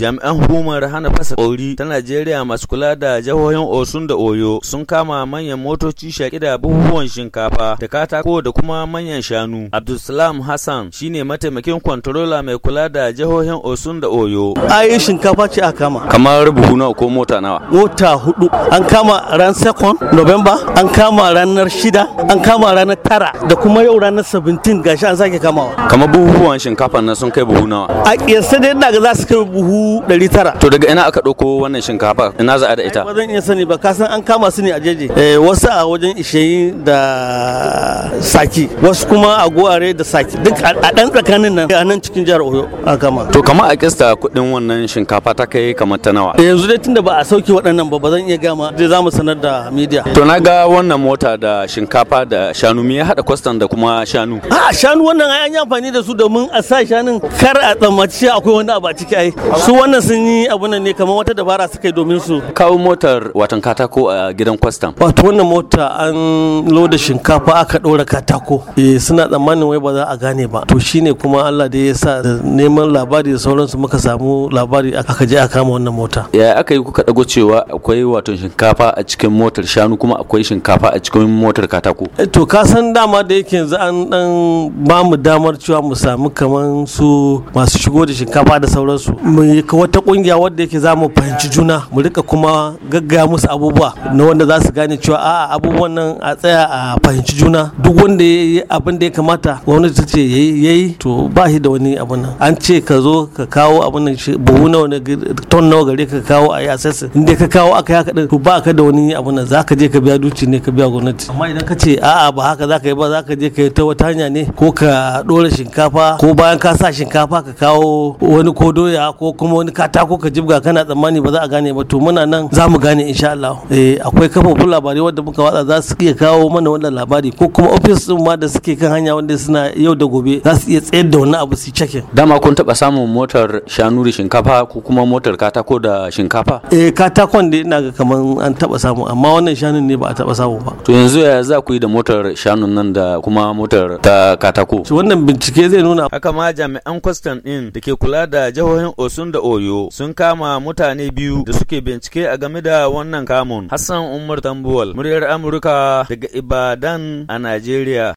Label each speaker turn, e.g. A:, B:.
A: Jami'an hukumar hana fasa ƙauri ta Najeriya masu kula da jihohin Osun da Oyo sun kama manyan motoci shaƙi da buhuhuwan shinkafa da katako da kuma manyan shanu. Abdulsalam Hassan shine mataimakin kwantarola mai kula da jihohin Osun da Oyo. Ai
B: shinkafa ce a kama.
A: Kamar buhu nawa ko mota nawa?
B: Mota hudu. An kama ran sekon November, an kama ranar shida, an kama ranar tara da kuma yau ranar sabintin gashi an sake kamawa.
A: Kamar buhuhuwan shinkafa na sun kai buhu nawa?
B: A ƙiyasta da yadda ga za su kai buhu
A: ɗari tara. To daga ina aka ɗauko wannan shinkafa ina za a da ita? Ba
B: zan iya sani ba ka san an kama su ne a jeji. Eh, wasu a wajen isheyi da saki wasu kuma a guware da saki duk a ɗan tsakanin nan a nan cikin jihar Oyo
A: a kama. To kama a kista kuɗin wannan shinkafa ta kai kamar ta nawa? Eh,
B: yanzu dai tunda ba a sauki waɗannan ba ba zan iya gama dai za mu sanar da media.
A: To na ga wannan mota da shinkafa da shanu me ya haɗa kwastan da kuma shanu? A
B: shanu wannan ai an yi amfani da su domin a sa shanun kar a tsammaci akwai wani abu a ciki ai. Su wannan
A: sun yi abu ne kamar wata dabara suka yi domin su kawo motar watan katako a gidan kwastam
B: wato wannan mota an loda shinkafa aka ɗora katako eh suna tsammanin wai ba za a gane ba to shine kuma Allah da ya sa neman labari da sauransu muka samu labari aka je a kama wannan mota
A: ya aka yi kuka dago cewa akwai wato shinkafa a cikin motar shanu kuma akwai shinkafa a cikin motar katako
B: eh, to ka san dama da yake yanzu an dan ba mu damar cewa mu samu kaman su masu shigo da shinkafa da sauransu mu ka wata kungiya wadda yake za mu fahimci juna mu rika kuma gaggaya musu abubuwa na wanda za su gane cewa a abubuwan nan a tsaya a fahimci juna duk wanda ya yi abin da ya kamata wani ta ce ya yi to ba shi da wani abin nan an ce ka zo ka kawo abin nan buhu nawa ne ton nawa gare ka kawo a yi inda ka kawo aka yi haka to ba ka da wani abin nan za ka je ka biya duci ne ka biya gwamnati amma idan ka ce a'a ba haka za ka yi ba za ka je ka yi ta wata hanya ne ko ka dora shinkafa ko bayan ka sa shinkafa ka kawo wani ko doya ko kuma wani katako ka jibga kana tsammani ba za a gane ba to muna nan za mu gane insha Allah eh akwai kafofin labarai wanda muka watsa za su iya kawo mana wannan labari ko kuma ofis din ma da suke kan hanya wanda suna yau
A: da gobe za su iya tsayar da wani abu su cike dama kun taba samun motar shanu da shinkafa ko kuma motar katako da shinkafa
B: eh katakon da ina ga kaman an taba samu amma wannan shanun ne ba a taba samu ba
A: to yanzu ya za ku yi da motar shanun nan da kuma motar ta katako wannan bincike zai nuna haka ma jami'an kwastan din da ke kula da jihohin Osun da Oyo sun kama mutane biyu da suke bincike a game da wannan kamun. Hassan Umar Tambuwal, muryar Amurka daga Ibadan a Najeriya.